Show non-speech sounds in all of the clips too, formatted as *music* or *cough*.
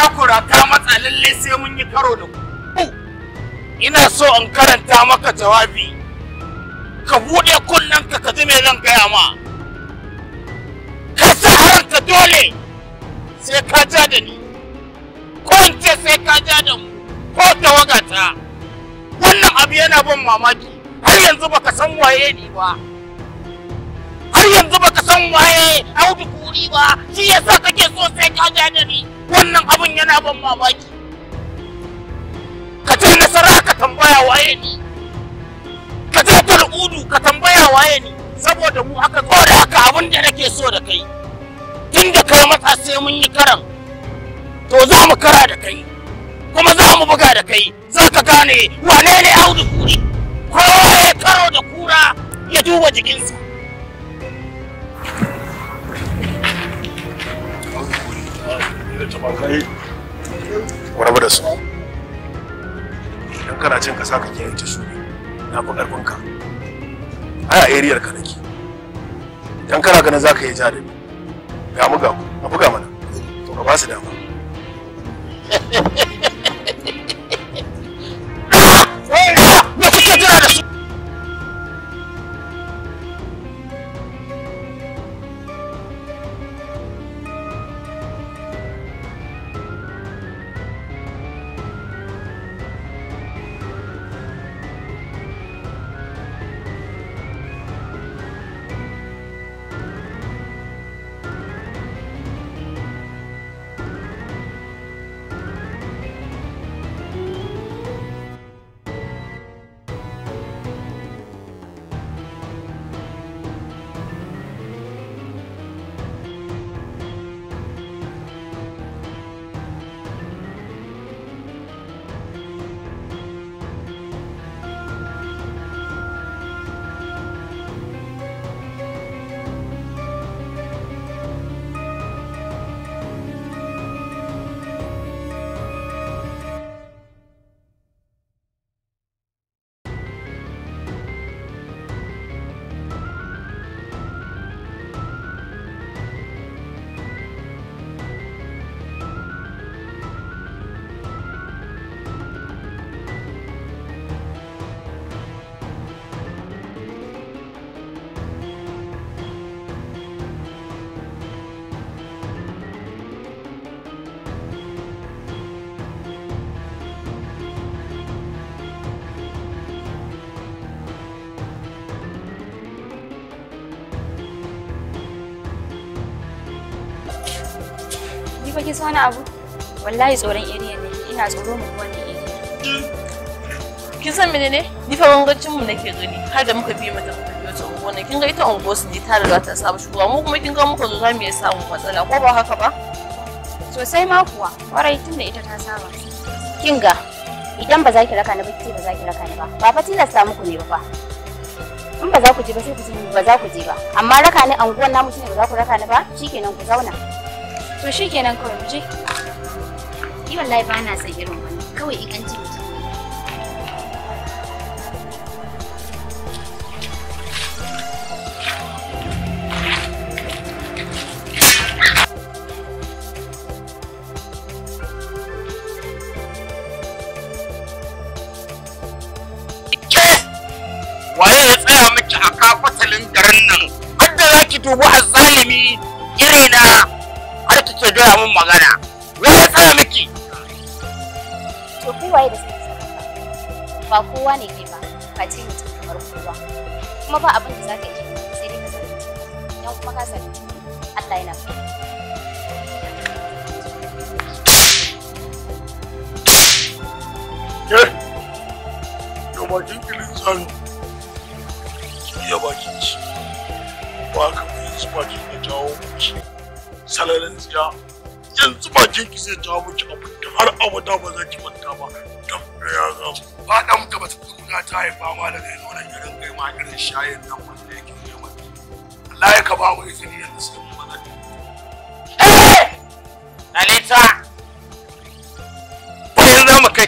takura ta matsa lalle sai mun yi karo da ku ina so in karanta maka jawabi ka buɗe kunnen ka ka ji me zan gaya ma ka sa haranka dole sai ka ja da ni ko in ce sai ka ja da mu ko tawaga ta wannan abu yana ban mamaki har yanzu baka san waye ni ba har yanzu baka san waye audu kuri ba shi yasa kake so sai ka ja da ni wannan abun yana ban mamaki ka je nasara ka tambaya waye ni ka je tal'udu ka tambaya waye ni saboda mu aka zo da haka abin da nake so da kai tun da ka mata sai mun yi karan to za mu kara da kai kuma za mu buga da kai za ka gane wane ne audu kuri kowa ya karo da kura ya duba jikinsa rabu da su idan kana cin kasa kake yanke su ne, na fi karfin ka ai a ariyar ka nake idan kana ganin zaka yi jari ga mu ga ku na buga mana to ka ba su dama *laughs* kin so wani abu wallahi tsoron iriya ne ina tsoro mu wani iri. kin san ne? ni fa wangancin mu nake gani har da muka biye mata muka biyo ta unguwa kin ga ita unguwa su ne ta riga ta saba shigowa mu kuma kin ga muka zo zamu iya samu matsala ko ba haka ba sosai ma kuwa kwarai tunda ita ta saba kin ga idan ba za ki raka ni ba ki ba za ki raka ni ba ba fa tilasta muku ne ba in ba za ku je ba sai ku je ba za ku je ba amma raka ni anguwan namu shine ba za ku raka ni ba shikenan ku zauna to kenan kawai mu je ni wallahi ba na tsayin irin kawai in an ji kowa ne kai ba ce mutum kamar kowa kuma ba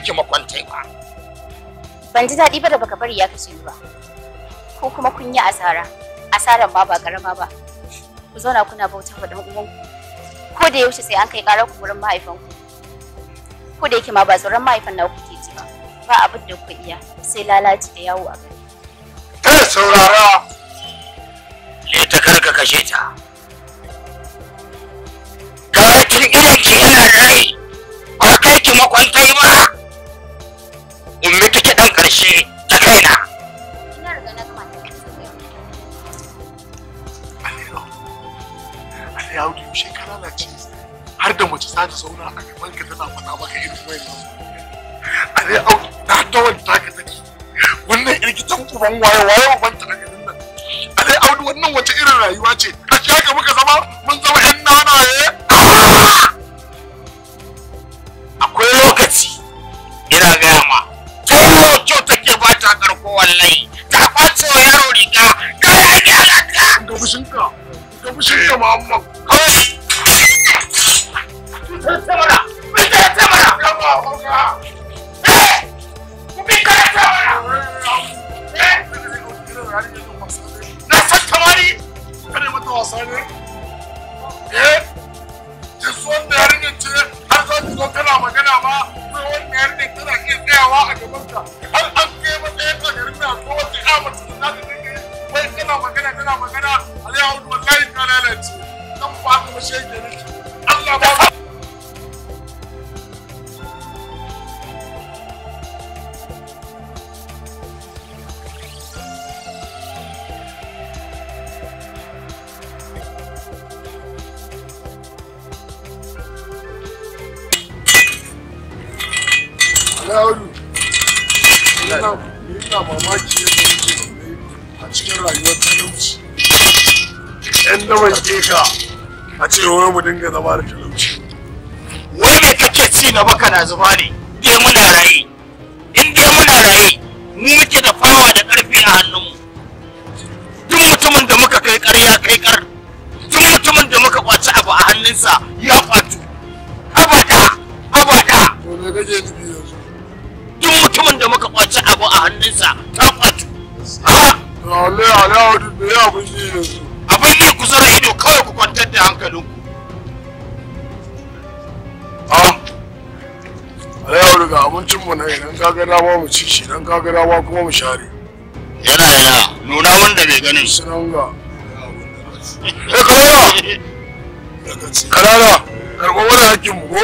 nake makwantai ba ban ji daɗi ba da baka bari ya kashe ni ba ko kuma kun yi asara asaran ba ba karama ba ku zauna kuna bauta wa dan uwanku ko da yaushe sai an kai ƙarar ku wurin mahaifanku ko da yake ma ba tsoron mahaifan ku ke ji ba ba abin da ku iya sai lalaci da yawo a gari. kai saurara le ta karka kashe ta karatun iya ki yana rai Ko kai ki makon kuma mu ci shi dan kaga kuma mu share yana yana nuna wanda bai ganin sunan ga eh kalala kalala hakkin mu ko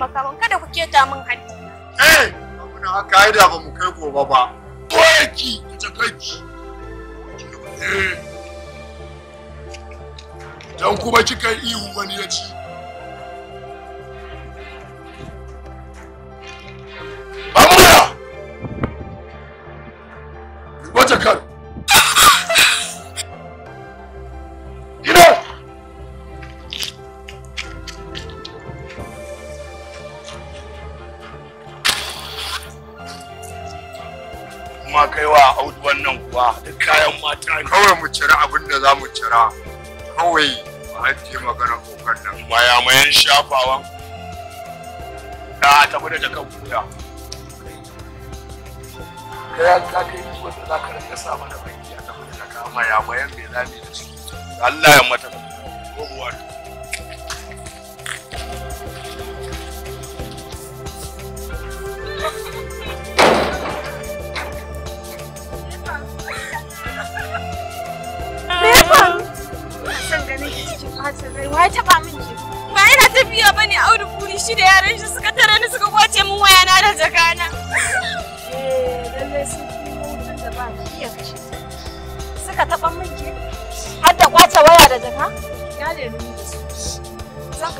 taimaka min kada ku keta min hannu. 对。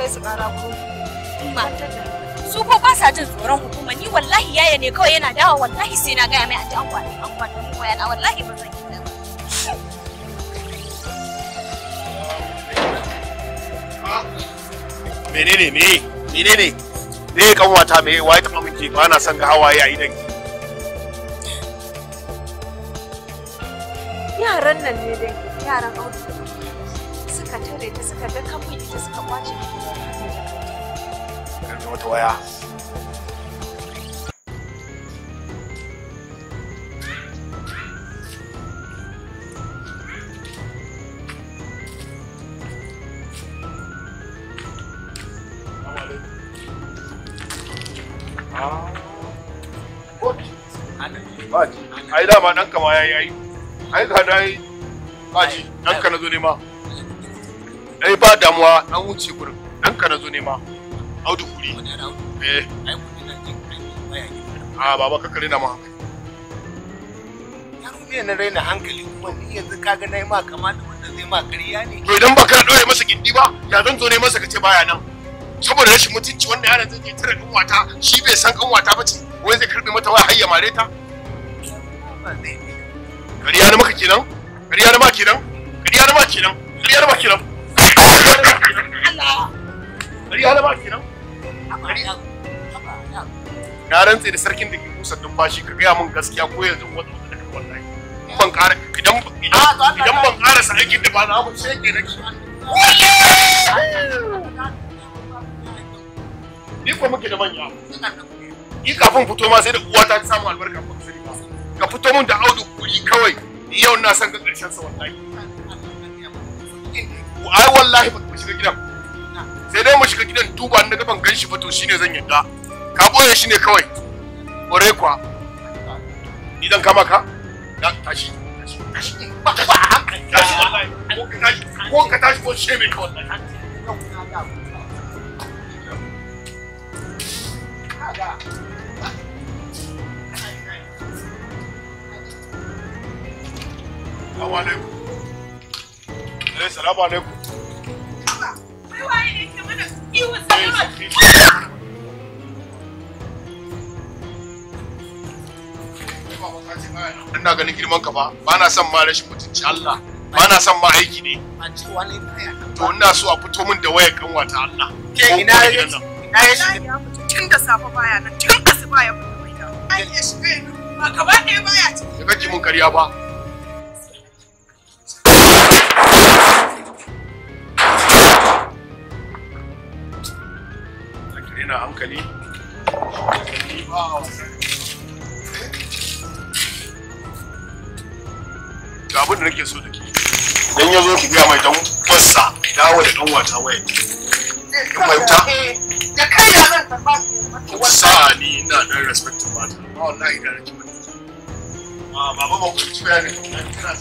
kai su kara ko matar su ko ba sa jin tsoron hukuma ni wallahi yaya ne kawai yana dawa wallahi sai na gaya mai a ji an an kwanan mu yana wallahi ba zan yi nan ah, menene me menene ne kanwata me waye taba miki ba na son ga hawaye a idan yaran nan ne dai yaran auto suka tare ta suka ga kan ita suka kwace ta wata waya ah. ai dama ɗanka ma ya yi ai ai ka da ai kaji ɗanka na zo nema ai ba damuwa ɗan wuce gurin ɗanka na zo nema kuri eh ai mun na jin kai baya gida a baba ka kare na ma yaro ne na raina hankali kuma ni yanzu kaga nayi ma kama da wanda zai ma kariya ne to idan baka dore masa gindi ba ya zan zo ne masa kace baya nan saboda rashin mutunci wanda yaron zai je tare wata shi bai san wata ba ce wai zai karbe mata waya hayya mare ta kariya na maka kenan kariya na ma kenan kariya na ma kenan kariya na ma kenan Allah na ma kenan na rantse da sarkin da ke kusa numfashi ka gaya min gaskiya ko yanzu wata wata daga wallahi in ban ƙara idan ah, idan ban ƙara sa aikin da ba za mu sai ke nake ni ko muke da manya ni kafin fito ma sai da uwata ta samu albarka ko sani ba ka fito mun da audu kuri kawai ni yau na san ga ƙarshen sa wallahi ai wallahi ba ku shiga gidan sai dai mu shiga gidan duba na gaban ganshi fa to shine zan yadda ka boye shi ne kawai ore kwa idan kama ka tashi tashi ba ba tashi ko ka tashi ko sheme ka wallahi alaikum. Eh, alaikum. ina ganin girman ka ba ba na son ma rashin mutunci Allah ba na son ma aiki ne to ina so a fito min da wayar kanwa ta Allah ke ina ya tun da nan tun asuba ya fito ina ai ya shiga ba gaba ɗaya mun kariya ba na hankali ga abin da nake so da ke idan ya zo ki mai dan wasa dawo da dan wata waya fahimta da sa ni ina respect wallahi da baba ba ku ci na kira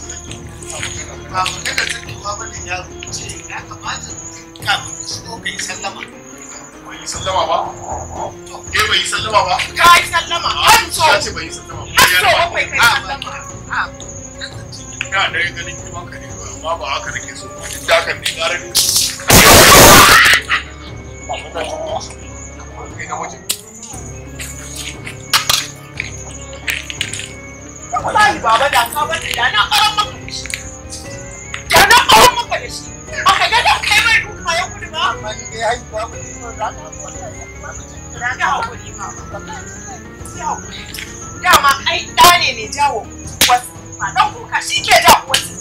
ba ba ya ce ya kamata kafin su sallama bai yi sallama ba ke bai yi sallama ba ka yi sallama an ah, so ka ce bai sallama ba an so bakwai kai ah, sallama ka da ya ganin kiman ka ne amma ba haka nake so ba da haka ne gara ne baba da ka bar da na ƙaran da na ƙaran da shi ba ka da kai mai duka ya gudu ba amma ni dai haihuwa mu ne ba za ka kira ga hakuri ma dama ai ɗa ne jawo wasu ma dan kuka shi ke jawo wasu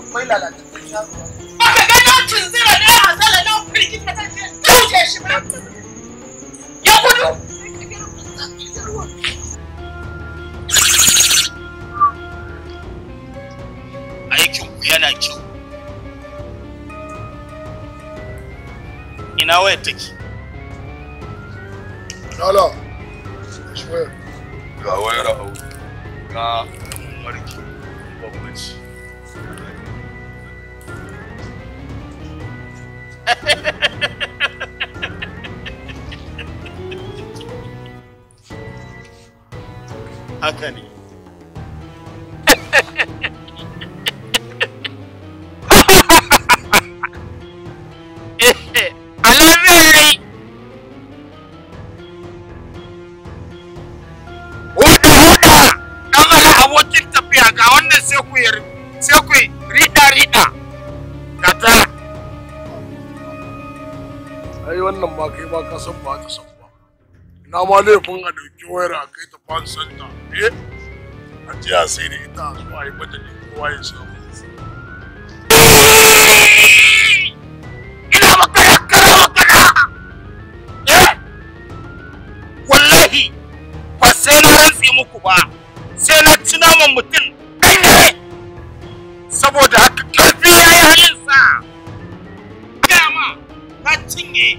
akwai lalata ba ka gani tunzira da hasala na firgita ta ce shi ba wayar take Lala, shi wayar. Ga wayar a ga laifin a ɗauki wayar a kai ta fan santa eh a ce a sai da ita a zuwa yi mata ne kowa ya samu ina magana kana magana eh wallahi ba sai na rantsi muku ba sai na ci naman mutum ɗanye saboda haka ƙarfi ya yi halinsa gama ta cinye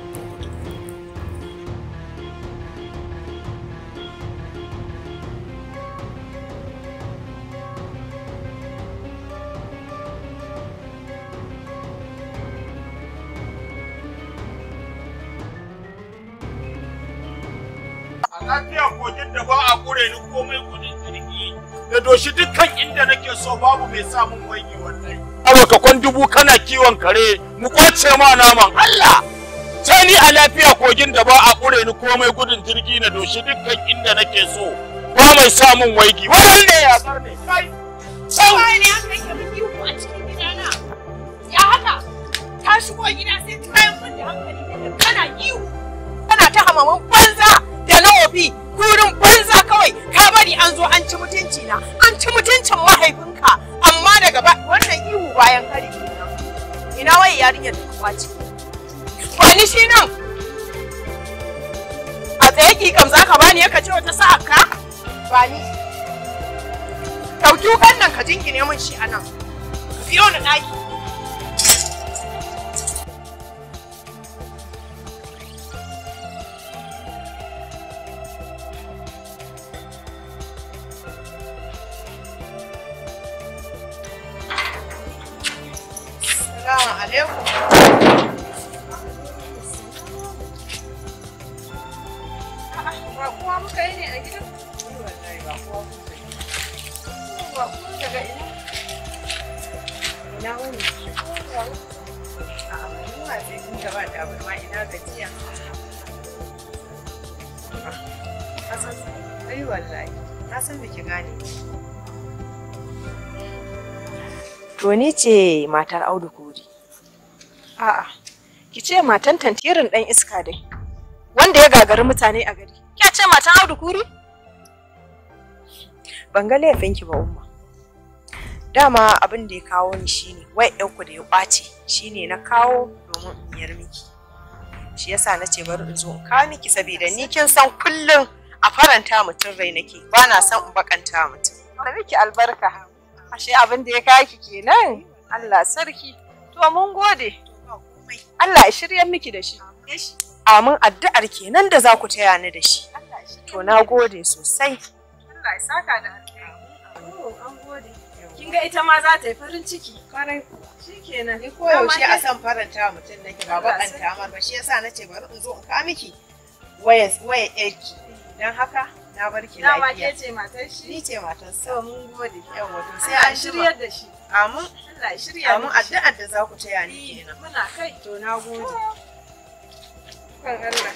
komai gudun jirgi da doshi dukkan inda nake so babu mai samun wangi wannan awa ka kwan dubu kana kiwon kare mu kwace ma naman Allah sai ni a lafiya kogin da ba a ƙure ni komai gudun jirgi na doshi dukkan inda nake so ba mai samun waigi wannan ne ya sar ne kai sau ne an kai ka biyu a cikin gidana ya haka ta shigo gida sai ta yi mun da hankali kana ihu kana ta hamaman banza da lawofi gurin banza kawai ka bari an zo an ci mutunci na an ci mutuncin mahaifinka amma daga ba wannan ihu bayan kare ina wai yarinyar ta kwaci ba ni shi nan a tsaye ki kam ka bani ya kace wata sa'a ka ba ni dauki wukan nan ka jingine min shi anan biyo na daki ce matar Audu Kori. A'a, ki ce matan tantirin ɗan iska dai, wanda ya gagari mutane a gari. Kya ce matan Audu Kuri? Ban ga laifinki ba umma. Dama abin da ya kawo ni shine wai ku da ya ƙwace shine na kawo domin in yar miki. Shi yasa na ce bari in zo in kawo miki saboda ni kin san kullum a faranta mutum rai nake ba na son in bakanta mutum. Bari ki albarka. Ashe abin da ya ki kenan? Allah sarki. To mun gode. Allah ya shirya miki da shi. Amin addu'ar kenan da za ku taya ni da shi. To na gode sosai. Allah ya saka da Kin ga ita ma za ta yi farin ciki. Kwarai Shikenan. Ni koyaushe a san faranta mutum nake ba bakanta mar ba shi yasa nace bari in zo in ka miki. Waya waya yarki. Dan haka Na barki lafiya. Na ke ce matar shi? Ni ce matar sa. To mun gode. Yawwa to sai an shiryar da shi. Amin. Allah shirya. Amin addu'a da za ku taya ni eh, kenan. Muna kai. To na gode. Kan Allah.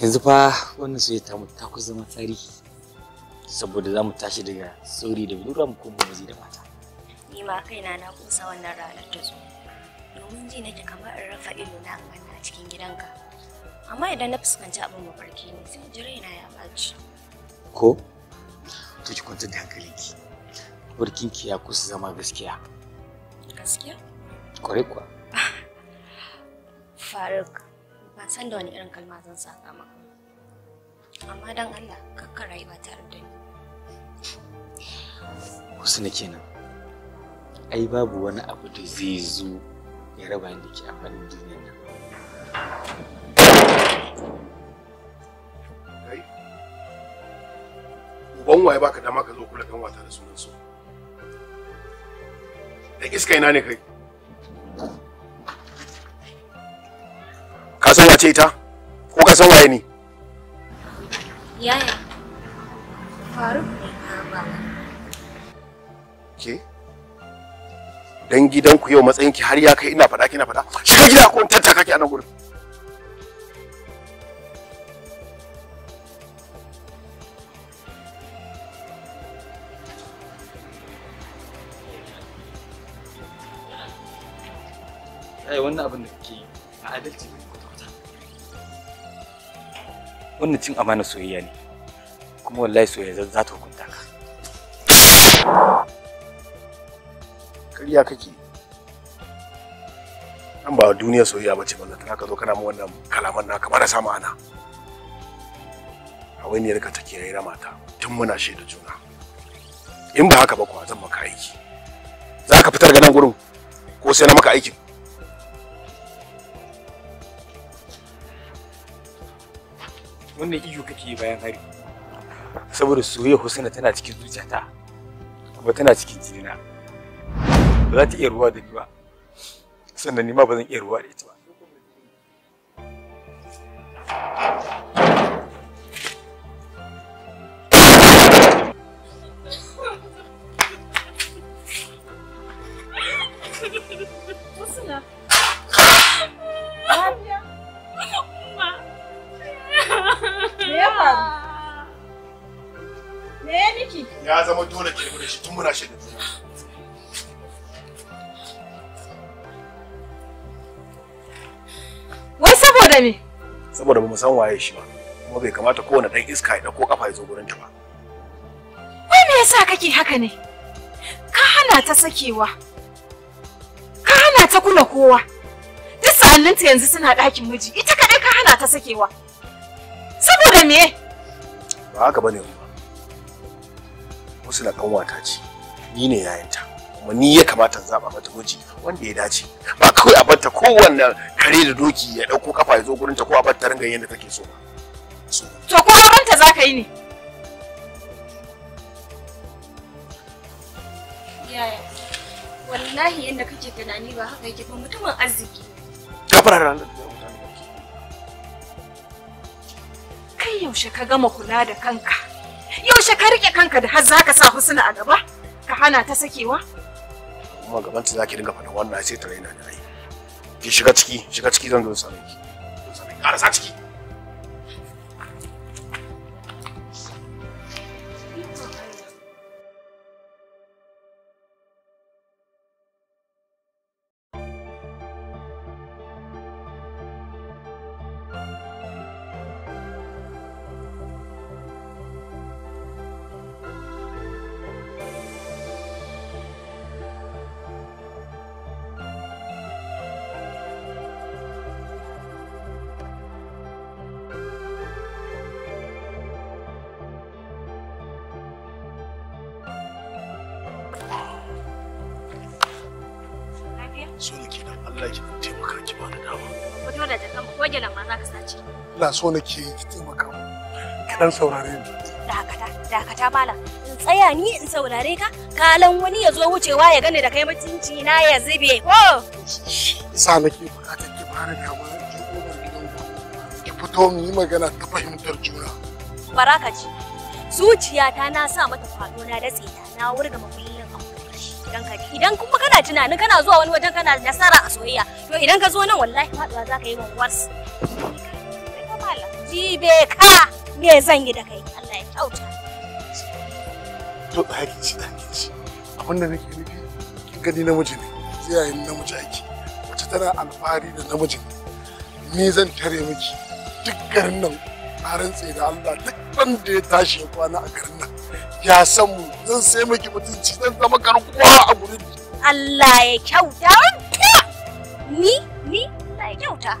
yanzu fa wannan soyayya ta ta kusa zama tarihi saboda za mu tashi daga sauri da budurwa mu koma waje da mata ni ma kaina na kusa wannan ranar ta zo domin ji nake kamar in rafa ido na ganna a cikin gidanka amma idan na fuskanci abin mafarki ne sai ji raina ya ɓaci ko to ki kwantar da hankalinki mafarkinki ya kusa zama gaskiya gaskiya kwarai kuwa *laughs* faruk Ba san da wani irin kalma zan saka maka amma don allah kakka rayuwa tare da ni wasu na kenan ai babu wani abu da zai zo ya raba ni ke a fannin duniya nan uban waye baka dama ka zo kula kan wata da sunan su da iska ina ne kai ka san wace ita ko ka san waye ni yaya faruk ne ba ke dan gidanku yau matsayin ki har ya kai ina faɗa kina faɗa shiga gida ko tattaka ki a nan gurin ai wannan abin da kake a adalci ne kwata-kwata wannan cin amana soyayya ne kuma wallahi soyayya za ta hukunta ƙarya kake nan ba duniya soyayya bace ba zata ka zo kana mu wannan kalaman naka ba da sama ana a wani yarka take raira mata tun muna da juna in ba haka ba kuwa zan maka aiki za ka fitar ga nan gurin ko sai na maka aikin wannan iyo kake bayan hari saboda soyayya husaina tana cikin zuciyata kuma tana cikin jinina za ta iya ruwa da ni ba sannan ni ma ba zan iya ruwa da ita ba ya zama dole ke da shi tun muna shirin. Saboda Saboda san waye shi ba. Kuma bai kamata kowane dan iska ya dauko kafa ya zo gurin ta ba. Wai me yasa kake haka ne? Ka hana ta sakewa. Ka hana ta kula kowa. Duk sa'anninta yanzu suna ɗakin miji. Ita kaɗai ka hana ta sakewa. Saboda me? Ba haka bane ba. Musu na kanwata ce. Ni ne 'ya'yanta. kuma ni ya kamata zaba mata miji wanda ya dace ba kawai a batta kowanne kare da doki ya dauko kafa ya zo gurin ta ko a batta ringa yadda take so to ko auren ta zaka yi ne wallahi yanda kake tunani ba haka yake ba mutumin arziki kafara ranar kai yaushe ka gama kula da kanka yaushe ka rike kanka da har zaka sa husna a gaba ka hana ta sakewa kuma gaban ta zaki dinga fada wannan sai ta raina da rai ki shiga ciki shiga ciki zan zo sami ki sa ciki so nake yi ki taimaka mu ki dan saurare ni dakata dakata malam in tsaya ni in saurare ka kalan wani ya zo wucewa ya gane da kai mutunci na ya zube ko sa nake bukata ki fara damuwa ki kofar gidan ki fito mu yi magana ta fahimtar juna baraka ji zuciyata na sa mata fado na datse ta na wurga makullin idan ka idan kuma kana tunanin kana zuwa wani wajen kana nasara a soyayya to idan ka zo nan wallahi faduwa zaka yi wa wars dibe ka me zan yi da kai Allah ya kyauta to haki ci da ci abin da nake nufi gani namiji ne sai yayin namiji ake mace tana alfahari da namijin ni zan tare miki duk garin nan na rantse da Allah duk wanda ya tashi ya kwana a garin nan ya san mu zan sai miki mutunci zan zama garkuwa a gurin Allah ya kyauta ni ni Allah ya kyauta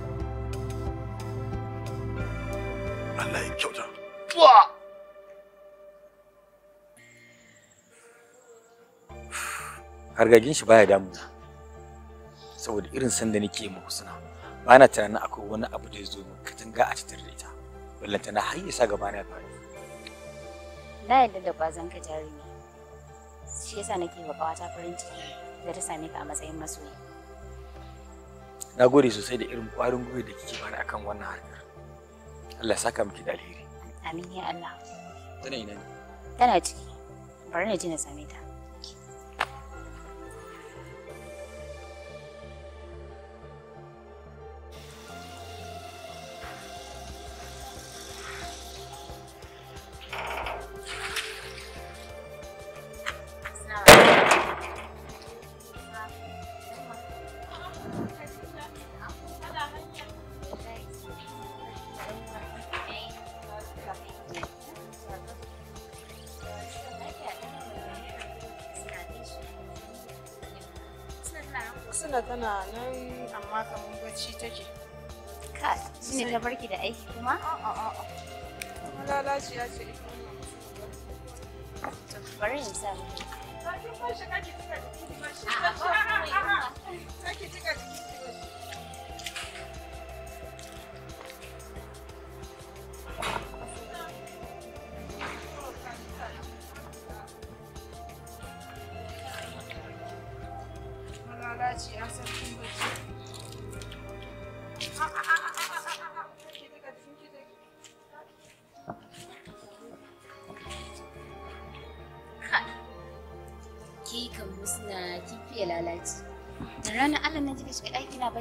Allah ya shi baya damuna saboda irin sanda nake ma Husna. Ba na tunanin akwai wani abu da yazo min katanga a cikin rita ita. na har yasa gaba na faru. Na yadda da bazan ka jarumi. Shi yasa nake ba kawata farin ciki da ta same ka a matsayin masoyi. Na gode sosai da irin kwarin gwiwa da kike bani akan wannan harkar. Allah saka miki da alheri amin ya Allah tana ina ne tana ciki bari na je na same ta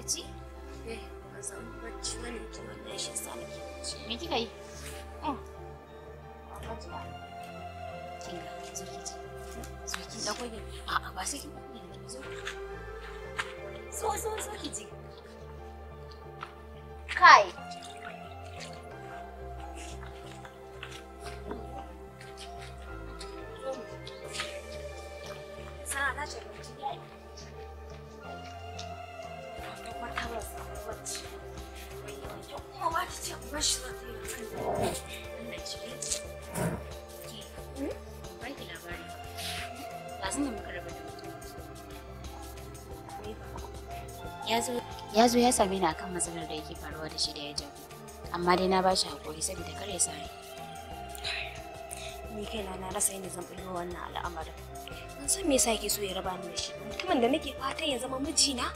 鸡。ya zo ya same ni a kan matsalar da yake faruwa da shi da ya jago amma dai na ba shi haƙuri saboda kar ya sani ni kaina na rasa yadda zan bulo wannan al'amarin ban san me yasa yake so ya raba ni da shi mutumin da nake fata ya zama mijina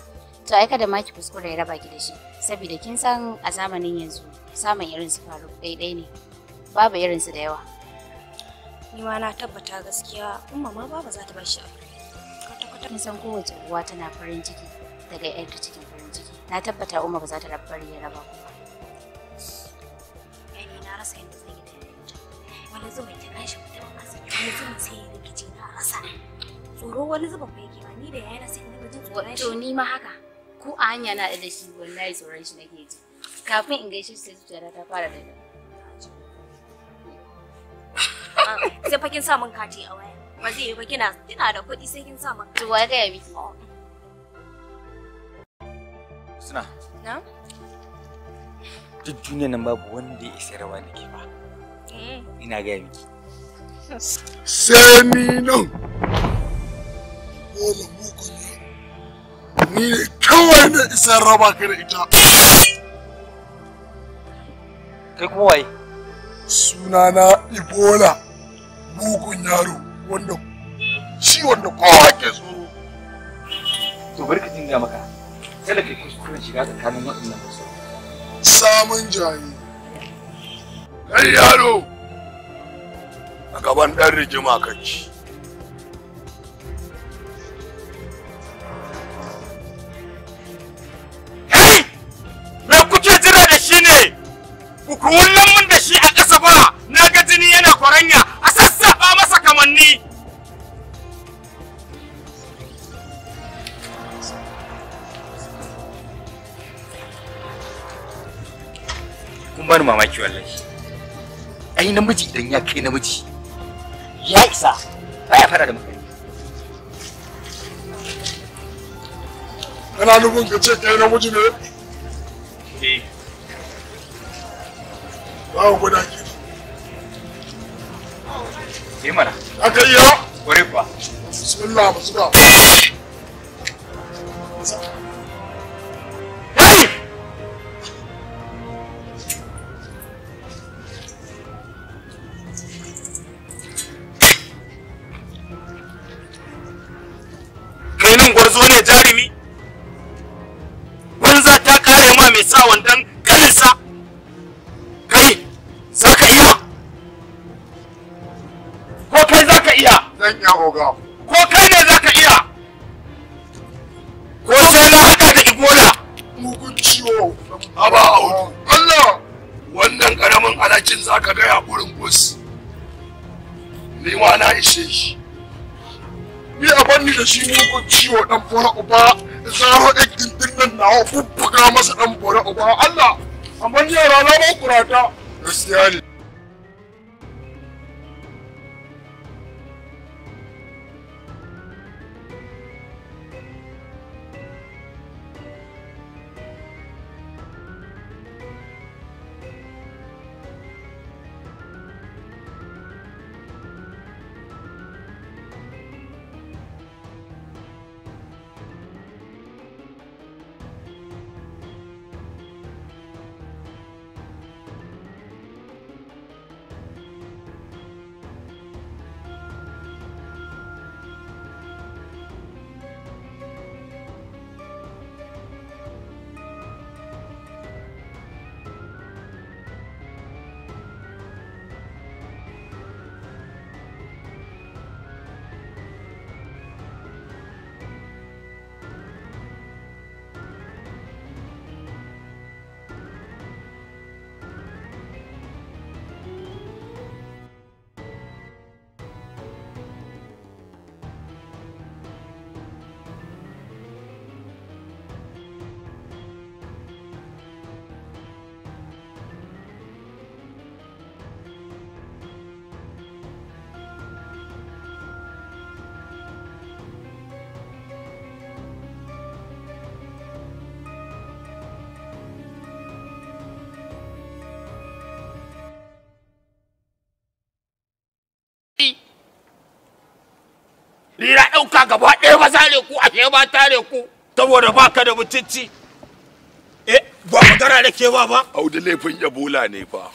to ai ka da maki kuskure ya raba ki da shi saboda kin san a zamanin yanzu samun irin su faru daidai ne babu irin su da yawa ni ma na tabbata gaskiya umma ma babu za ta ba shi abu kwata kwata kin san kowace uwa tana farin ciki daga yarda cikin na tabbata umma ba za ta rabar ya raba ku yani na rasa yadda zan yi ta wani ya kira shi mutum sanya wani zuba sai ya rikice na rasa tsoro wani zuba ba yake ni da yana sai ni jin tsoron shi to ni ma haka ko a hanya na da shi wallahi tsoron shi nake ji kafin in gaishe shi sai zuciyata ta fara da ah, sai fa kin sa min kati a waya ba zai yi ba kina kina da kuɗi sai kin sa min to wai ga ya biki Suna. Na? Duk duniya nan babu wanda ya isa rawa da ke ba. Eh. Ina gaya miki. Sai ni nan. Bola mugun Ni ne kawai na isa rawa ka da ita. Kai kuma waye? Sunana Ibola. Mugun yaro wanda ciwon da kowa ke tsoro. To barka jin ga maka. kada kai kuskuren shiga tsakanin waɗannan wasu samun jaye kai yaro a gaban ɗan rigima kanci kai me kuke jira da shi ne ku kuwunan mun da shi a ƙasa ba na ga jini yana kwaranya kun bani mamaki wallahi ai namiji idan ya kai namiji ya isa baya fara da mutane kana nufin ka ce kai namiji ne eh ba ku da ki eh mana akai ya kware kuwa bismillah bismillah lokacin za ka gaya burin bus ni ma na ishe shi ni a banni da shi mugun ciwo dan fara uba za a ɗin dindin nan nawa bubbuga masa dan fara uba Allah amma yara na ba kurata gaskiya ne lira ɗauka gaba ɗaya ba sare ku a ba tare ku saboda ba ka da mutunci eh ba magana da ke ba ba audu laifin ebola ne fa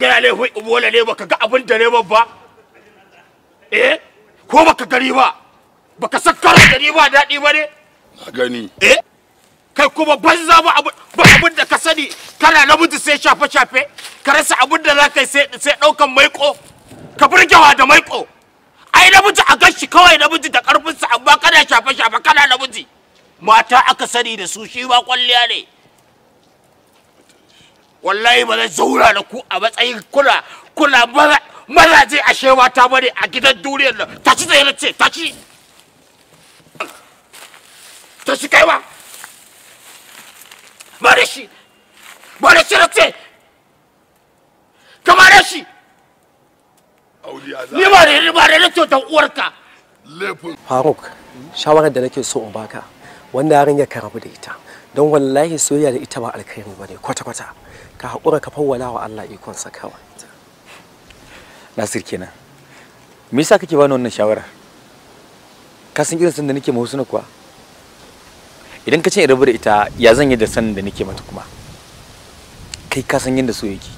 kana laifin ebola ne baka ga abin da ne ba eh ko baka gari ba baka san karo gari ba daɗi ba ne na gani eh kai kuma banza ba abin da ka sani kana mutu sai shafe-shafe ka rasa abin da za ka sai ɗaukan maiko ka burgewa da maiko ai namiji a gashi kawai namiji da karfinsa amma kana shafe shafe kana namiji mata aka sani da su shi ba kwalliya ne wallahi ba zai zaura da ku a matsayin kula kula mazaje a shewa ta bane a gidan duniyar nan tashi zai race tashi tashi kaiwa ba da shi bare da shi race kamar shi ni ba da ni ba da na kyautar uwarka faruk shawarar da nake so in baka wanda yarinya ka rabu da ita don wallahi soyayya da ita ba alkhairi ba ne kwata-kwata ka haƙura ka fawwala wa Allah ikon sa kawai nasir kenan me yasa kake bani wannan shawara ka san irin san da nake mahusuna kuwa idan ka ce in rabu da ita ya zan yi da san da nake mata kuma kai ka san yadda so yake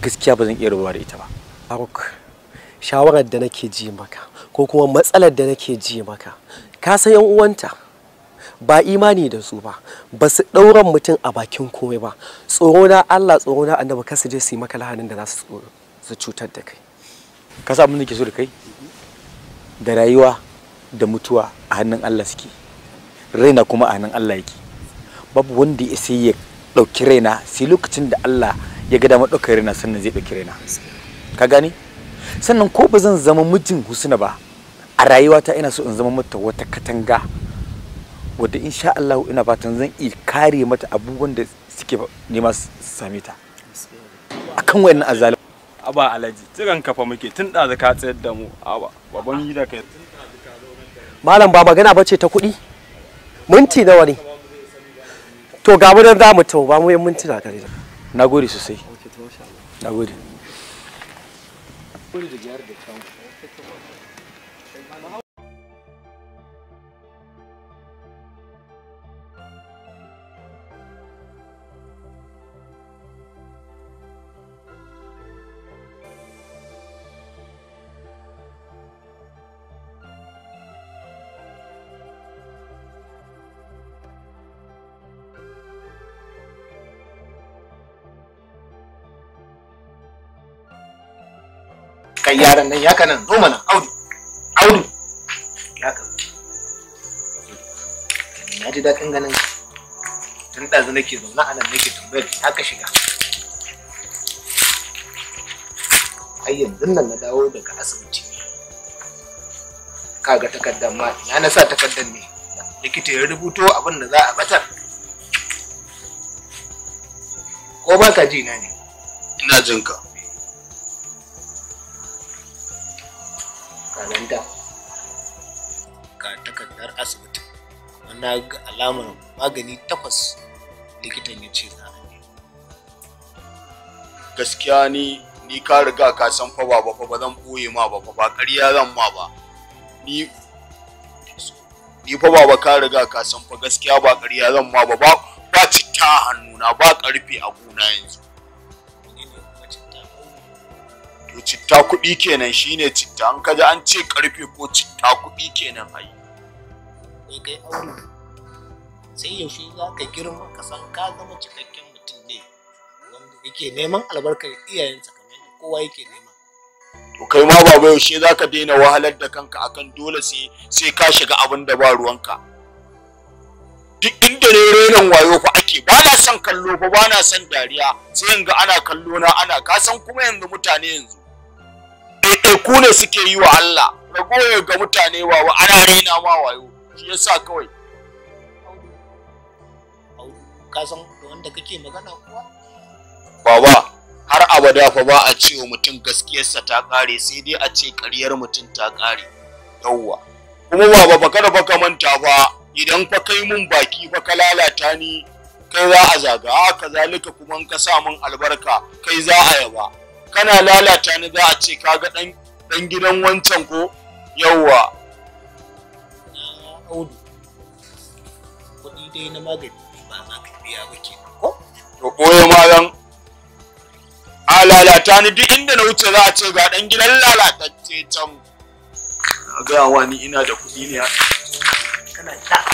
gaskiya ba zan iya rabuwa da ita ba aruk shawarar da nake ji maka ko kuma matsalar da nake ji maka ka san yan uwanta ba imani da su ba ba su ɗauran mutum a bakin komai ba tsoro na allah tsoro na annabi ka su je su yi maka lahanin da za su cutar da kai ka sa mun da so da kai da rayuwa da mutuwa a hannun allah suke raina kuma a hannun allah yake babu wanda ya sai ya ɗauki raina sai lokacin da allah ya ga damar ɗaukar raina sannan zai ɗauki raina ka gani sannan ko ba zan zama mijin husna ba a rayuwata ina so in zama mata wata katanga wadda insha Allah ina fatan zan iya kare mata abubuwan da suke nema su same ta akan wayannan azalim aba alaji tiran kafa muke tun da ka tsayar da mu aba baban yi da kai malam ba magana bace ta kuɗi minti nawa ne to ga mu dan za mu tau ba mu yin mintuna kare nagode sosai nagode put it together, get comfortable. kai yaran nan yaka nan zo mana audu audu yaka na ji daɗin ganin tun ɗazu nake zaune a nan nake tambayar ta ka shiga ai yanzu nan na dawo daga asibiti Ka ga takardar ma ina na sa takardar ne likita ya rubuto abin da za a batar ko ba ka ji na ne ina jinka a nan da ga takardar asibiti kuma na ga alamar magani takwas likitan ya ce za a gaskiya ni ni ka riga ka san fa ba fa ba zan boye ma ba fa ba ƙarya zan ma ba ni ni fa ba ka riga ka san fa gaskiya ba ƙarya zan ma ba ba citta hannuna ba ƙarfi a gona yanzu to citta kuɗi kenan shine citta an kaji an ce karfe ko citta kuɗi kenan ai kai kai aure sai yaushe za ka girma ka san ka zama cikakken mutum ne wanda yake neman albarkar iyayensa kamar yadda kowa yake nema to kai ma baba yaushe za ka daina wahalar da kanka akan dole sai sai ka shiga abin da ba ruwanka duk inda ne renon wayo fa ake ba na son kallo fa ba na son dariya sai yanga ana kallo na ana kasan kuma yanzu mutane yanzu ɗaiɗaiku ne suke yi wa Allah ragowa ga mutane wawa ana raina ma wayo shi yasa kawai ka san wanda kake magana kuwa baba har abada fa ba a ce wa mutum gaskiyarsa ta ƙare sai dai a ce ƙaryar mutum ta ƙare yawwa kuma baba ba kada baka manta ba, idan fa kai mun baki fa ka lalata ni kai za a zaga haka zalika kuma ka sa mun albarka kai za a yaba kana lalata ni za a ce kaga dan dan gidan wancan ko yawwa audu kuɗi dai na magani ba za ka biya ba ke ko to boye malam a lalata ni duk inda na wuce za a ce ga dan gidan lalatacce can a ga ni ina da kuɗi ne kana ta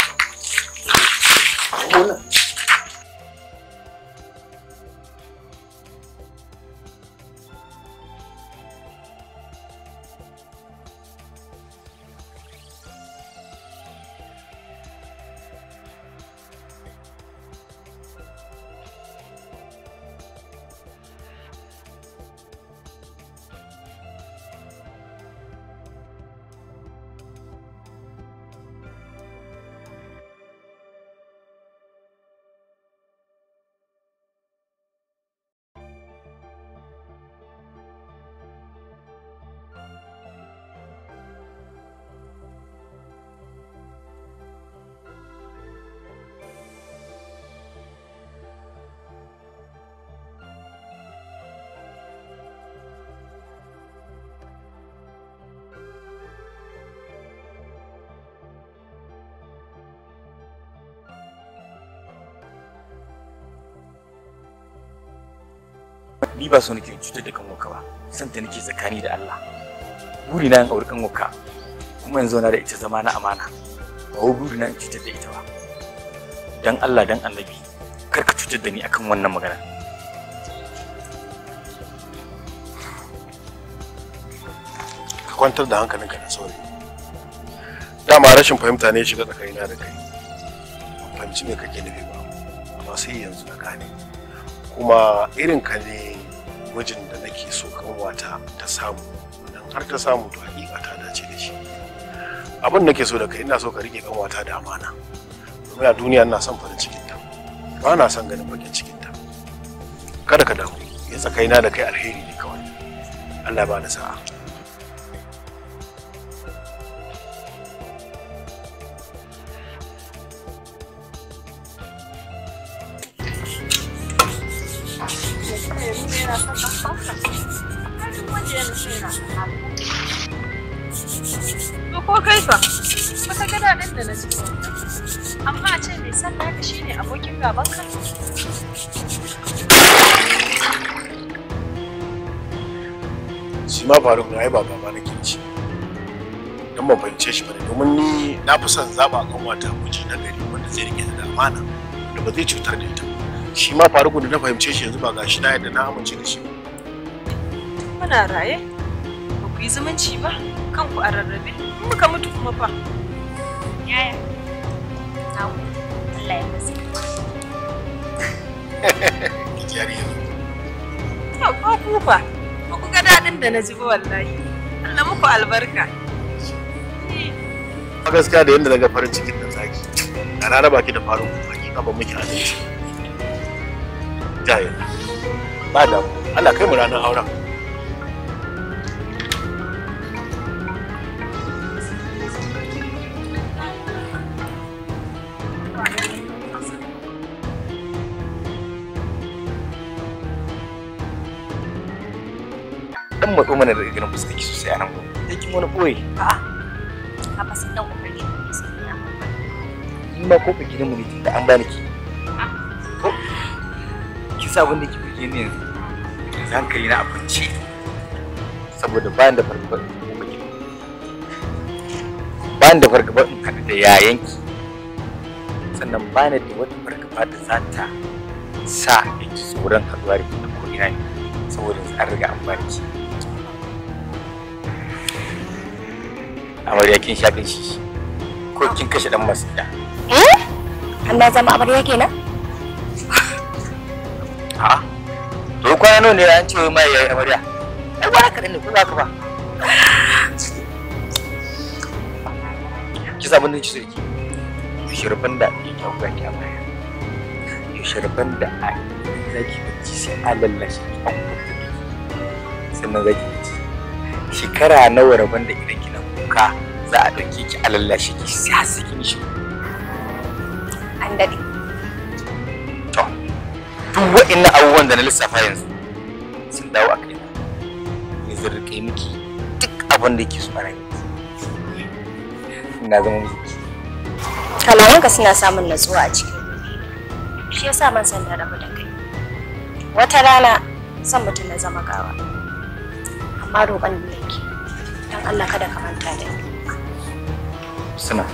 ni ba so nake cutar da kanwarka ba san ta nake tsakani da Allah buri na in auri kanwarka kuma yanzu na da ita zama na amana ba wai buri na in cutar da ita ba dan Allah dan Annabi kar ka cutar da ni akan wannan magana ka kwantar da hankalinka da sauri dama rashin fahimta ne shiga tsakanina da kai fahimci me kake nufi ba amma sai yanzu na gane kuma irin ka ne mijin da nake so kanwata ta samu idan har ta samu to hakika ta dace da shi abin da ke so da kai ina so ka rike wata da amana domin a duniya ina son farin cikin ta ba na son ganin bakin cikin ta kada ka damu ya tsakaina da kai alheri ne kawai Allah ba da sa'a ma faru ga ai baba mana kinci don ban fahimce shi ba ne domin ni na fi son zaɓa kan wata muji na gari wanda zai rike da amana da ba zai cutar da ita shi ma faru gudu na fahimce shi yanzu ba gashi na yadda na amince da shi ba muna raye ba ku yi zumunci ba kanku a rarrabe in muka mutu kuma fa yaya na Allah ya masa *laughs* ki jari yanzu ba ku ba da na ji wallahi Allah muku albarka a gaskiya da yadda daga farin cikin da zaki a rana baki da farin kuma hakika ba muke adalci jaye ba da Allah kai mu ranar auren ko mana daga ganin fuskar ki sosai a nan gurin yake wani boye a'a a ba san dan kokari ki sai ya ni ma ko gidan mu ne tunda an bani ki ko ki sa wanda ki bige ni yanzu zan hankali na abinci saboda bayan da farko bayan da fargaba in haɗu da yayanki sannan bayan da wata fargaba da za ta sa ki ji tsoron da kuma ko ina ne saboda an riga an baki amarya kin sha kashi ko kin kashe dan masida eh amma zama amarya kenan ha *laughs* to kwana nawa ne an ce wai mai yayi amarya ai wani ka dinne ko za ka ba ki samu nan ki sarki shirban da ake kyauta ki amarya baya ki shirban da a zaki bacci sai a lallashe ki an kuma sannan zaki shekara nawa rabon da idan ki kuka za a ɗauke ki a lallashe ki sai su ki mishi an dade to duk wa'in abubuwan da na lissafa yanzu sun dawo a kai ni zan rike miki duk abin da yake so a rayuwa ina zama miki kalamanka suna samun natsuwa a cikin shi yasa ban san da rabu da kai wata rana san mutum na zama gawa amma roƙon da yake don Allah kada ka manta da ni suna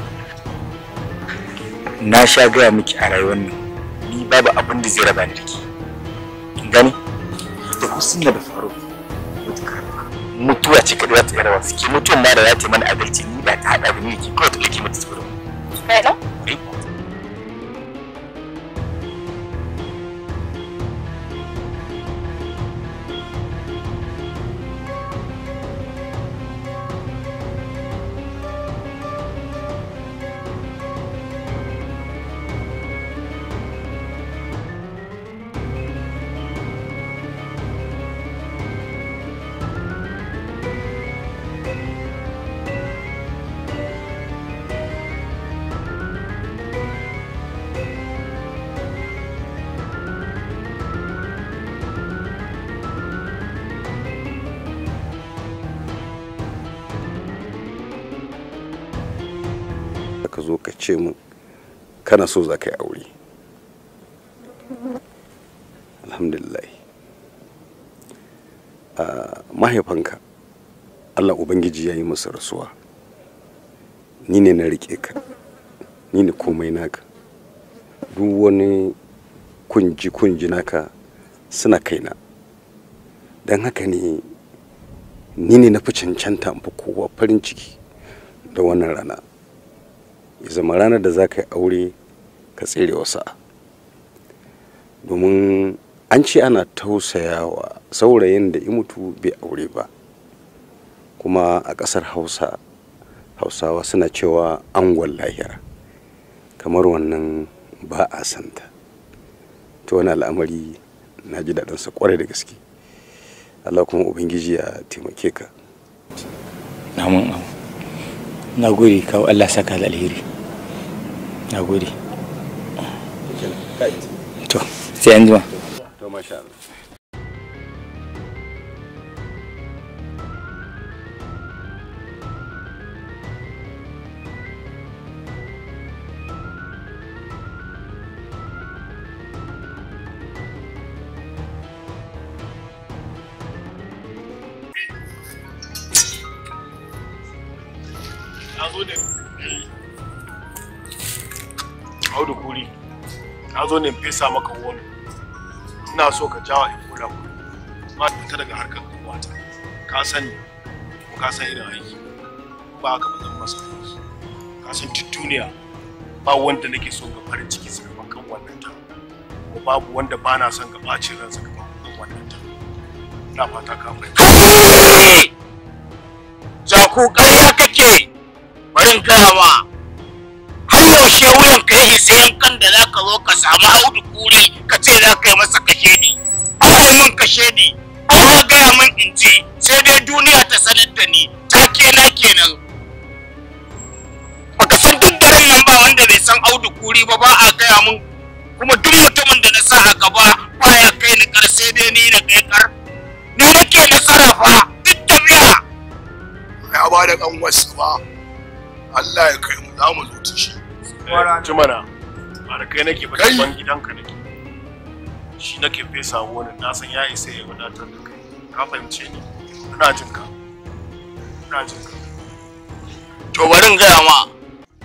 na sha gaya miki a rayuwar nan ni babu abin da zai raba ni da ke gani da husna da faru mutuwa ce kada za ta iya rawa suke mutuwan ma da za ta yi mana adalci ni ba ta haɗa da ni da ke kawai ta ɗauke mata tsoro. na? ka zo ka ce min kana so za ka yi aure alhamdulillah mahaifanka allah ubangiji ya yi masa rasuwa ni ne na riƙe ka ni ne komai naka duk wani kunji-kunji naka suna kaina don haka ne ni ne na fi cancanta fi kowa farin ciki da wannan rana ya zama ranar da za ka yi aure ka tsere wasa domin an ce ana wa saurayin da mutu bai aure ba kuma a ƙasar hausa hausawa suna cewa angon lahira kamar wannan ba a santa ta wani al'amari na ji daɗinsa kwarai da gaske allah kuma ubangiji ya taimake ka na gode kawo allah saka da alheri na gode to sai an jima to masha Allah zo ne fesa maka wani ina so ka jawa in kula ku ma ta daga harkar kowata ka sani ko ka san irin aiki ba ka bazan masa aiki ka san duniya ba wanda nake so ga farin ciki su gaban kan wannan ta ko babu wanda ba na son ga ɓacin ransa gaban kan wannan ta ina fata ka fahimta jako ƙarya kake bari in kaya ba. bushe wuyan ka yi sayan kan da za ka zo ka samu audu kuri ka ce za ka yi masa kashe ni sai mun kashe ni na gaya min in ji sai dai duniya ta sanar da ni ta kena kenan baka san duk da nan ba wanda bai san audu kuri ba ba a gaya min kuma duk mutumin da na sa a gaba ya kai ni kar sai dai ni na kai kar ni nake na sarrafa duk tafiya ya ba da kan wasu ba Allah ya kai mu za mu zo ta shi ci eh, mana ba da kai nake ba ban gidanka nake shi nake fesa wani na san ya isa ya wadatar da kai ka fahimce ni ina jin ka ina jin ka to barin gaya ma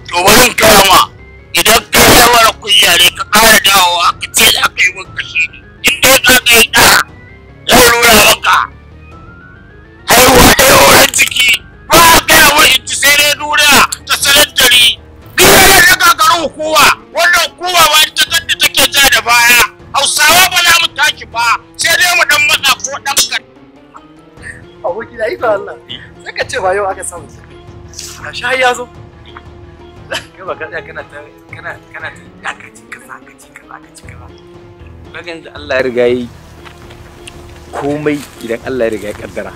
to barin gaya ma idan ka yi mara kunya ne ka ƙara dawowa ka ce za ka yi wanka shi ne in dai ka kai ɗa ya nuna maka haihuwa da yawan jiki ba a gaya wa in ji sai dai nuna ta sanar da kuwa wannan kuwa ba ita kanta take ta da baya hausawa ba za mu taki ba sai dai mu dan matsa ko dan kan aboki da iko Allah sai ka ce ba yau aka samu ka shayi ya zo kai ba ka tsaya kana ta kana kana ta dakaci ka ka ci ka ka ci ka ga da Allah ya riga yi komai idan Allah ya riga ya kaddara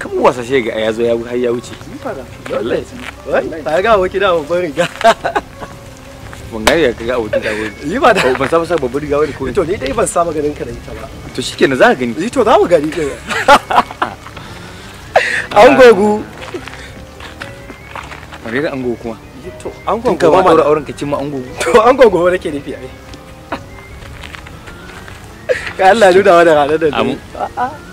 kan mu wasa ga ya zo ya har ya wuce ni fara ga wallahi ba ga waki da babban riga *laughs* ban ga ya kaga abokin ka ni ba da ban saba sa babbar riga wani ko to ni dai ban saba ganin ka da ita ba to shikenan za ka gani ni to za mu gani ke *laughs* an gogu bare da an gogu kuma to an gogu kuma ma auren ka cin ma an gogu to an gogu ba nake nufi ai *laughs* ka Allah nuna wa da ranar da a'a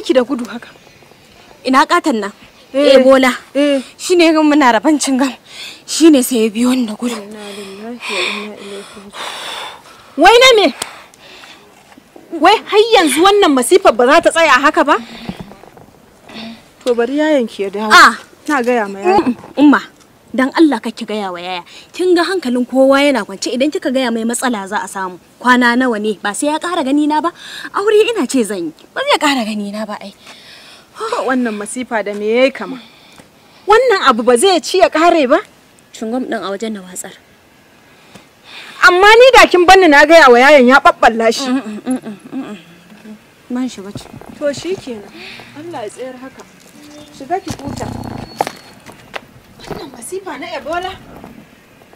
aiki da gudu haka ina katan nan eh. ebola eh. shi ne gan muna rabancin gan. shi ne sai ya biyo ni da gudu wai na me wai har yanzu wannan masifar ba za ta tsaya haka ba to bari yayan ki ya dawo ah. na gaya ma yayan umma dan Allah kake gaya wa yaya kin ga hankalin kowa yana kwance idan kika gaya mai matsala za a samu kwana nawa ne ba sai ya ƙara gani na ba aure ina ce zan yi ba zai ƙara gani na ba ai wannan masifa da me yayi kama wannan abu ba zai ci ya ƙare ba cungam din a wajen na watsar amma ni da kin banni na gaya wa yayan ya babballa shi man mm, mm, mm, shi bace to shikenan Allah ya tsayar haka shiga ki huta Wannan masifa na Ebola?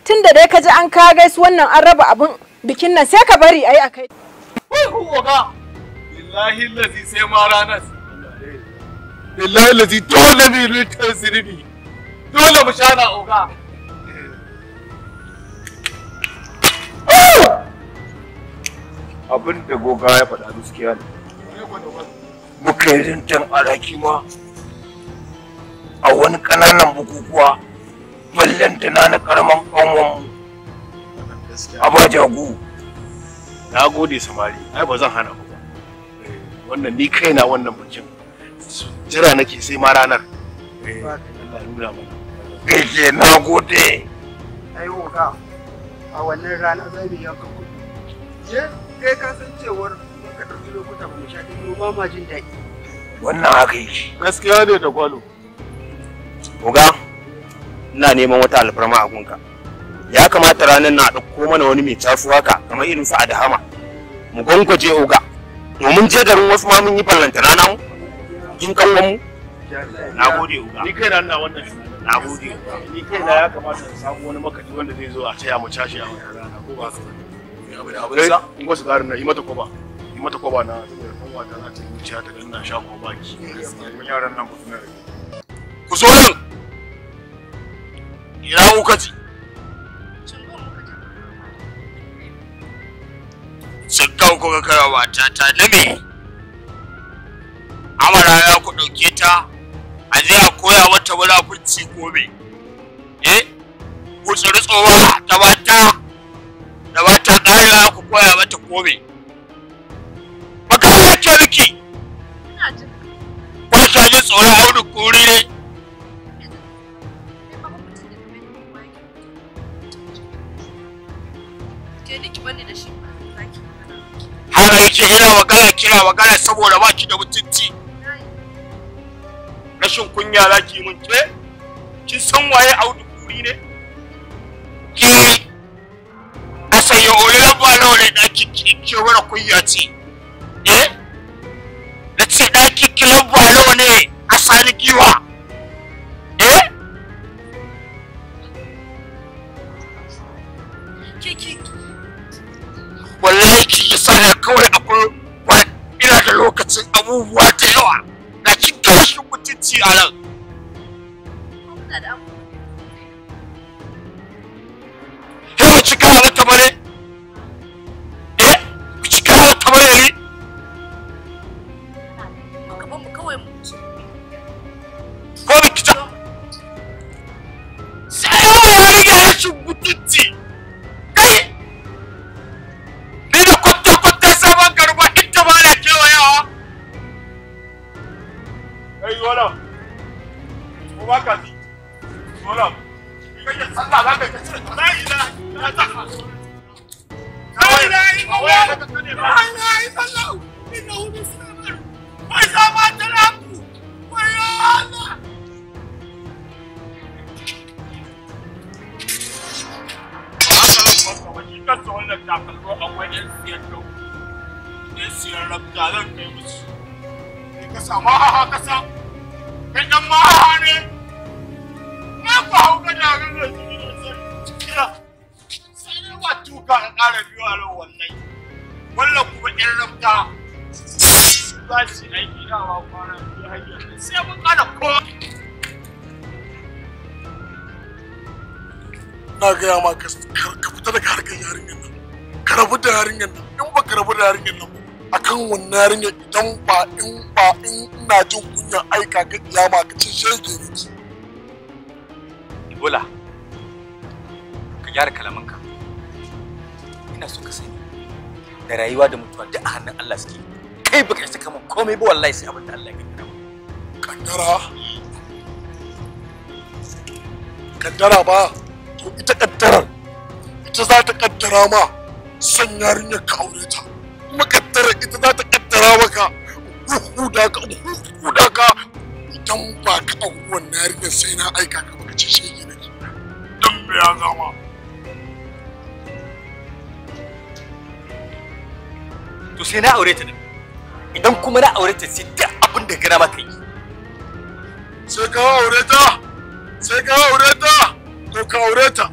Tun da dai ka ji an ka su wannan an raba abin bikin nan sai ka bari ayi akai Lillahi lazi sai ma ranar. Lillahi lazi dole ne ritar tasiri Dole mu shana oga. Abin da goga ya faɗa gaskiya ne. Muka yi rintan araki ma. a wani ƙananan bukukuwa ballantana na ƙaramin ƙanwanmu a ba jago na gode samari ai ba zan hana ku ba eh, wannan ni kai na wannan bikin jira nake sai ma ranar gaishe eh, na gode ai woka a wannan rana za mu yanka kudu je kai ka san cewar ka ɗauki lokuta ba mu sha ɗin noma ma jin daɗi wannan haka yake gaskiya ne da gwalo Oga, ina neman wata alfarma a gunka. Ya kamata ranar na ɗauko mana wani mai casu haka kamar irin su Adahama. Mu gwangwaje Oga. Domin je garin wasu ma mun yi ballanta rana mu. Kin kallon mu? Na gode Oga. Ni kai na wannan Na gode Oga. Ni kai na ya kamata samu wani makaji wanda zai zo a taya mu cashe a wannan rana ko ba ka ba. Abin sa? In wasu garin na yi mata koba. Yi mata koba na saboda kowa ta za ta na yaran nan ku suna rage. Ku zo ina kuka ji cikin kuka kara wata ta na me amara ya ku ɗauke ta a je a koya mata wulafunci gobe. eh ku tsiri tsowa da mata da mata ɗaya ku koya mata gobe. saboda ba ki da mutunci rashin kunya za ki mun ce kin san waye audu kuri ne ki yo ole ba no le da ki ki wara kunya ce eh na ce da ki labba za yi biyu sai mun kana ko na gaya ma ka fita daga harkar yarinyar nan ka rabu da yarinyar nan in ba ka rabu da yarinyar nan akan wannan yarinyar idan ba in ba in ina jin kunyar aika ka ma ka ce shege ne ki Ibola ka gyara kalamanka ina so ka sani da rayuwa da mutuwa duk a hannun Allah suke kai baka isa kama komai ba wallahi sai abin da Allah ya kaddara kaddara kaddara ba ko ita kaddarar ita za ta kaddara ma son yarinyar ka aure ta kuma kaddara ita za ta kaddara maka huda ka huda ka idan ba ka abubuwan yarinyar sai na aika ka baka ce shege nake dan me ya zama to sai na aure ta ne idan kuma na aure ta sai duk abin da gina maka yi sai ka aure ta sai ka aure ta to ka aure ta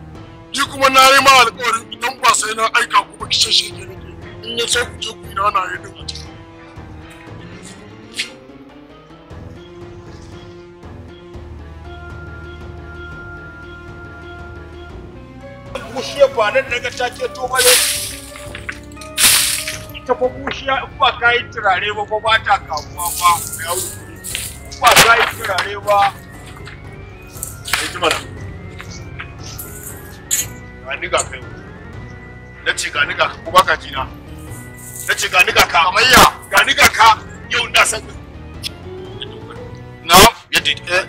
ni kuma na yi ma alƙawarin idan ba sai na aika ku ba kishin shi ke nake in ya sai ku je ku ina na yi din a cikin Mushiyar ba nan daga take to ita ko kushiya in ba ka yi turare ba ko ba ta kamuwa ba in ba ka yi turare ba ji mana ga niga kai na ce ga niga ka ko ba ka jina na ce ga niga ka amayya ga niga ka yau na san na yadda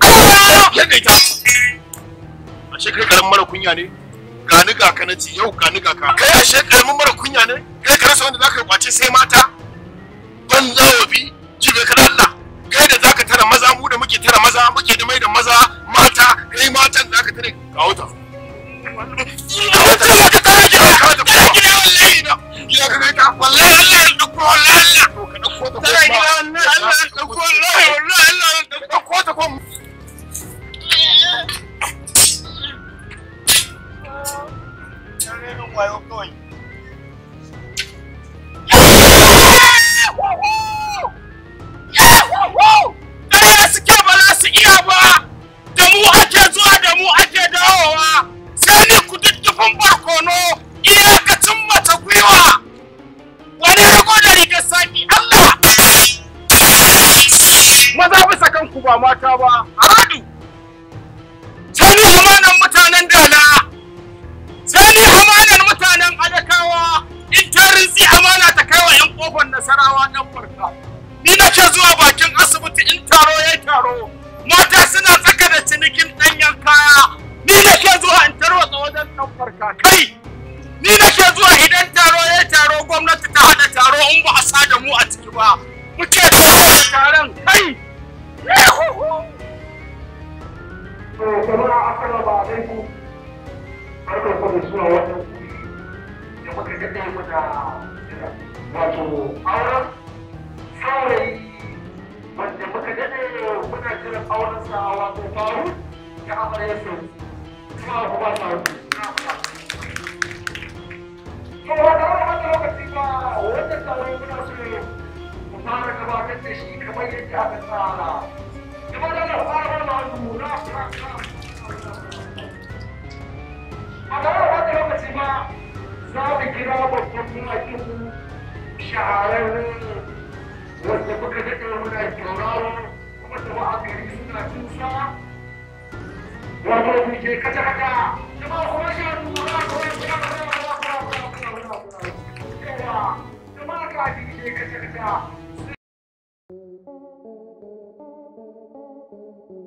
Ya yadda ita a shekarar mara kunya ne ga ni ga ci yau ga ni ga ka kai ashe karamin mara kunya ne kai ka rasa wanda zaka kwace sai mata ban lawabi jibe kana Allah kai da zaka tara maza mu da muke tara maza muke da mai da maza mata kai matan zaka tare kawo ta wallahi Allah ya dauko wallahi Allah ka dauko ta wallahi Allah ya dauko wallahi Allah thank you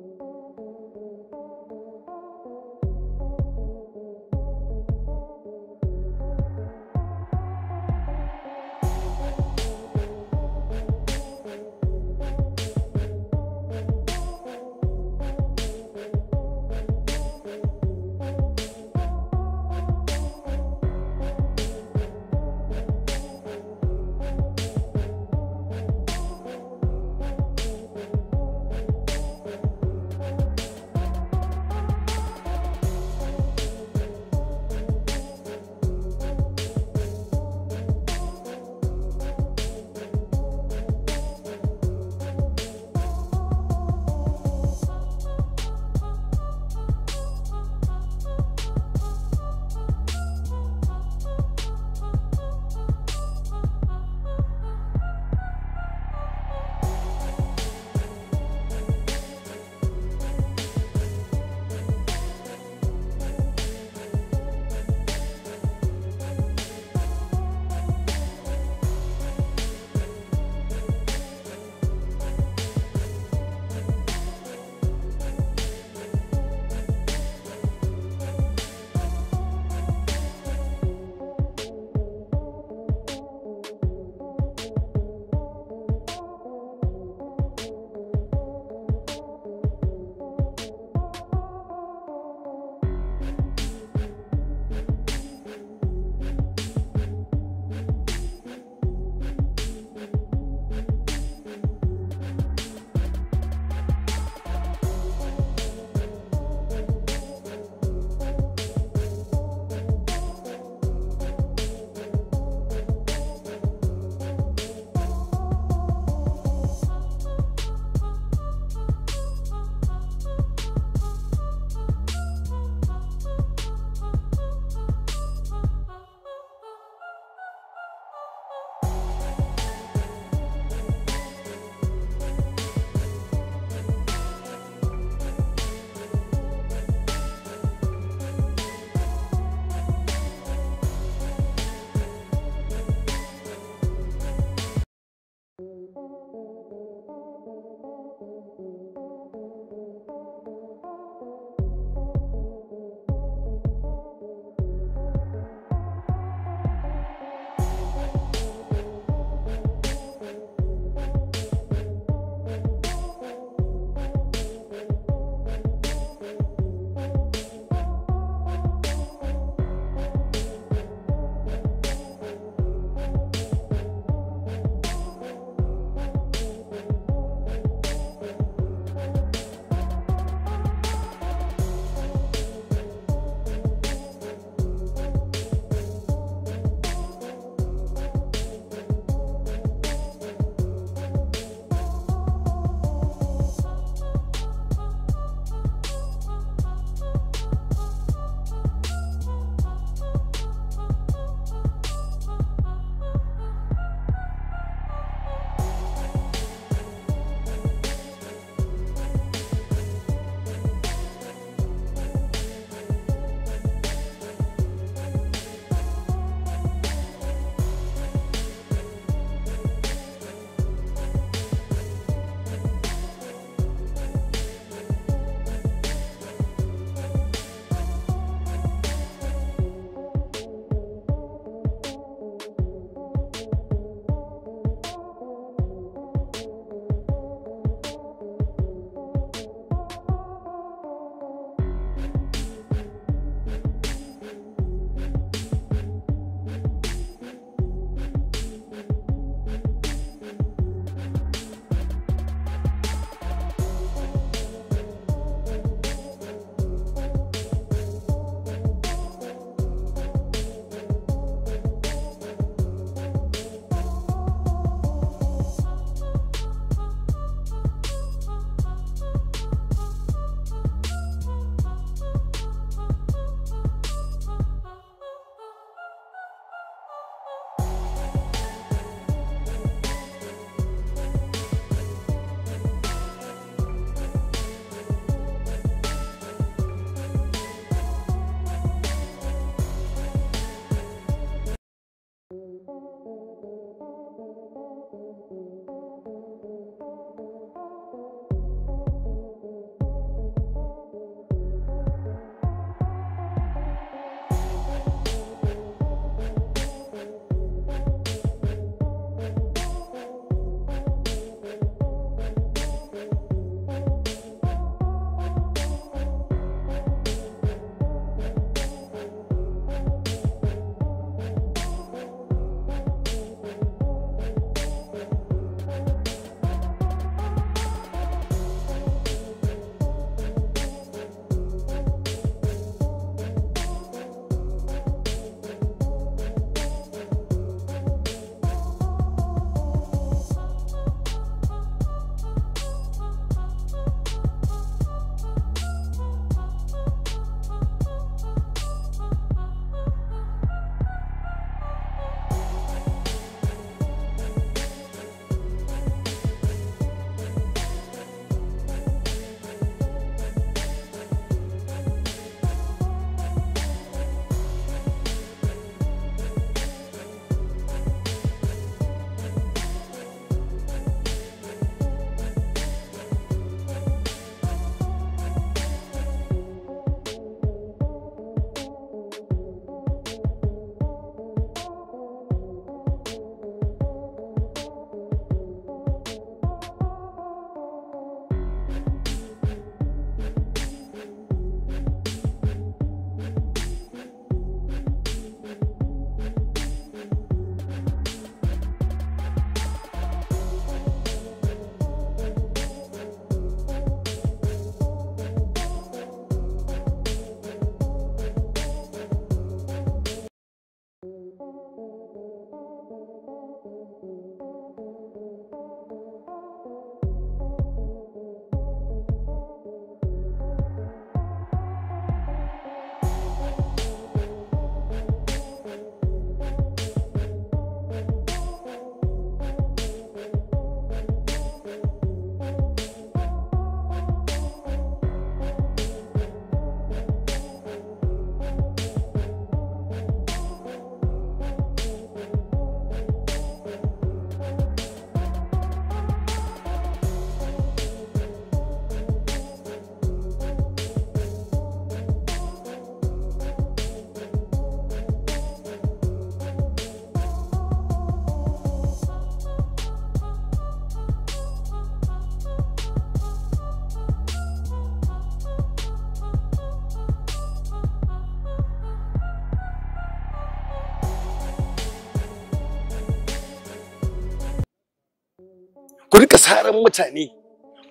saran mutane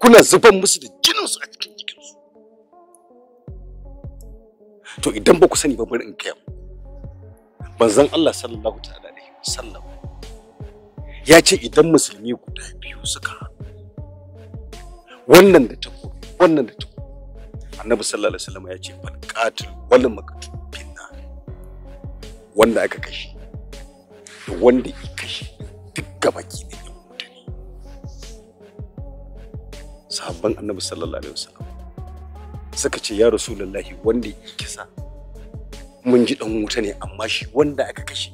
kuna zuban musu da jininsu a cikin jikinsu to idan ba ku sani ba bari in kai manzon Allah sallallahu ta'ala alaihi wasallam ya ce idan musulmi guda biyu suka haɗu wannan da ta wannan da ta annabi sallallahu alaihi wasallam ya ce fal qatil wal maqtul finna wanda aka kashe da wanda ya kashe duk gabaki ne sahabban annabi sallallahu alaihi wasallam suka ce ya rasulullahi wanda ya kisa mun ji dan wuta ne amma shi wanda aka kashe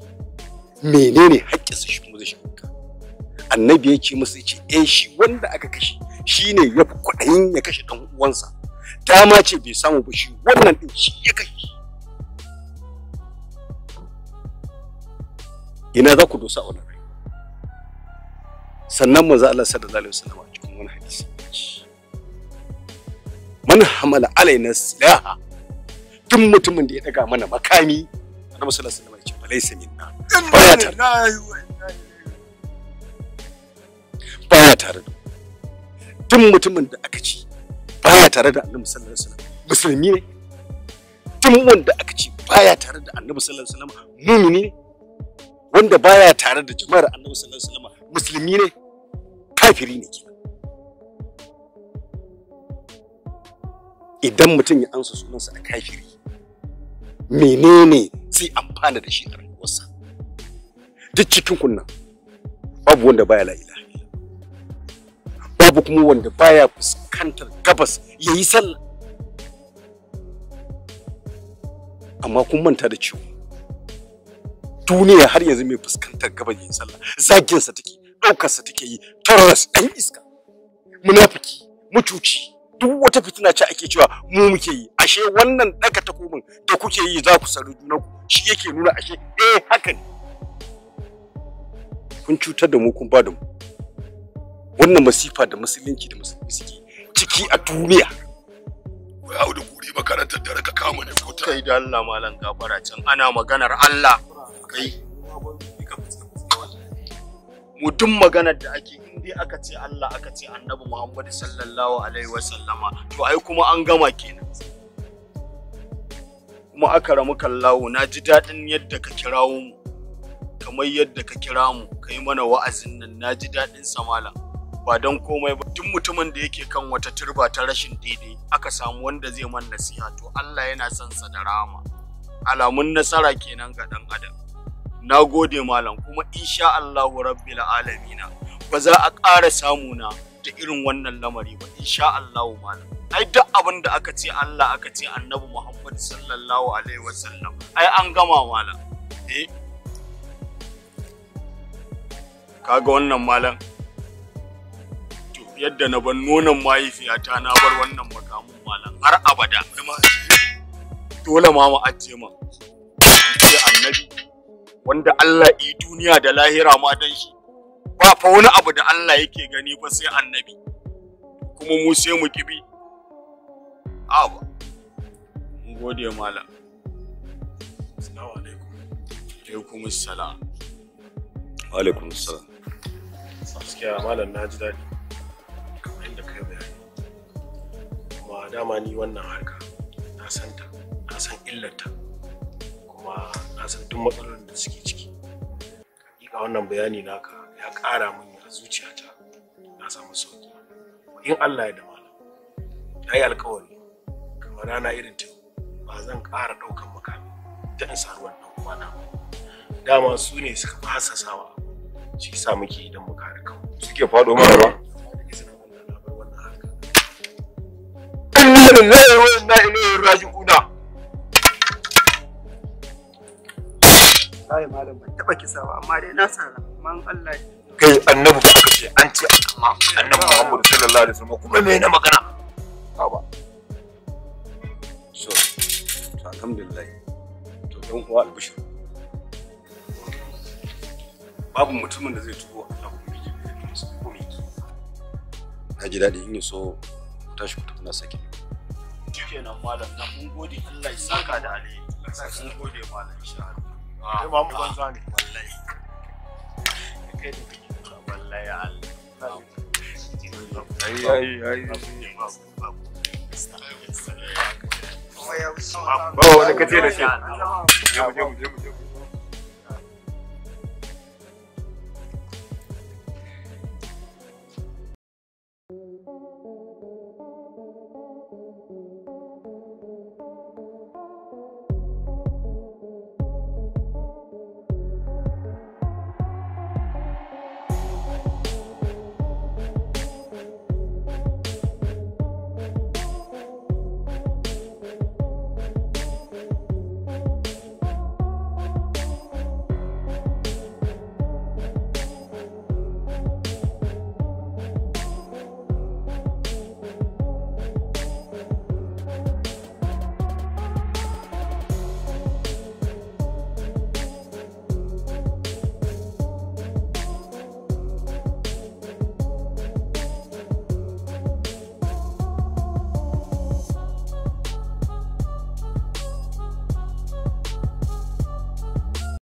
menene haƙƙinsa shi kuma zai shiga annabi ya ce musu ce eh shi wanda aka kashe shine ya fi ya kashe dan uwansa dama ce bai samu ba shi wannan din shi ya kashe ina za ku dosa wannan sannan manzo Allah sallallahu alaihi wasallam man hamala alaina silaha duk mutumin da ya daga mana makami ana sallallahu alaihi wasallam ya ce balaisa minna baya tare baya tare da duk mutumin da aka ci baya tare da annabi sallallahu alaihi wasallam musulmi ne duk wanda aka ci baya tare da annabi sallallahu alaihi wasallam mumini ne wanda baya tare da jama'ar annabi sallallahu alaihi wasallam musulmi ne kafiri ne kenan idan mutum ya ansa sunansa da kafiri menene zai amfana da shi a rayuwarsa duk cikin kunna babu wanda baya la ilaha babu kuma wanda baya fuskantar gabas ya yi sallah amma kun manta da cewa duniya har yanzu mai fuskantar gabas ya yi sallah zaginsa take ɗaukarsa take yi taras ɗan iska munafiki mucuci duk wata fitina ce ake cewa mu muke yi ashe wannan daka takobin da kuke yi za ku saru ku? shi yake nuna ashe eh haka ne kun cutar da mu kun ba da mu wannan masifa da musulunci da musulmi suke ciki a duniya wai hau da guri makarantar da raka kama ne ko kai da Allah malam gafara can ana maganar Allah kai mu duk maganar da ake dai aka ce Allah aka ce annabi Muhammad sallallahu alaihi wasallama to ai kuma an gama kenan kuma aka ramu kallawo na ji daɗin yadda ka kirawo mu kamar yadda ka kira mu kai mana wa'azin nan na ji daɗin samala ba don komai ba duk mutumin da yake kan wata turba ta rashin daidai aka samu wanda zai man nasiha to Allah yana son sa da rama alamun nasara kenan ga ɗan adam na gode malam kuma insha Allahu rabbil alamina ba za a ƙara samuna da irin wannan lamari ba insha Allah malam ai duk abin da aka ce Allah aka ce Annabi Muhammad sallallahu alaihi wasallam ai an gama malam eh. kaga wannan malam to yadda na ban nonon mahaifiyata na bar wannan makamun malam har abada dole ma mu ajiye ma ce annabi wanda Allah yi duniya da lahira ma dan shi ba fa wani abu da Allah yake gani ba sai annabi kuma mu sai mu kibi ba. mun gode malam assalamu alaikum alaikum assalam wa alaikum assalam gaskiya malam na ji daɗi kamar inda kai bayani kuma dama ni wannan harka na santa na san illarta kuma na san duk matsalolin da suke ciki hakika wannan bayani naka ya ƙara min a zuciyata na samu sauki in Allah ya da malam Ya yi alkawari kamar rana irin ta ba zan ƙara ɗaukan makami da in saru wannan ba dama su ne suka fasa sawa shi sa muke idan muka kare suke faɗo mana ba Allah na wannan harka Allah wallahi malam ban taba kisa ba amma dai na san man Allah kai annabi ba ka ce an ce amma annabi Muhammad sallallahu alaihi wasallam kuma me na magana so to alhamdulillah to dan uwa albishir babu mutumin da zai tuko Allah ku na ji daɗi in so tashi ku na sake malam na mun gode Allah ya saka da alheri mun gode malam insha Allah kai mamu banza ne wallahi kai da kake wallahi Allah ai ai ai ba wani kace da shi je mu je mu je mu je mu Thank you.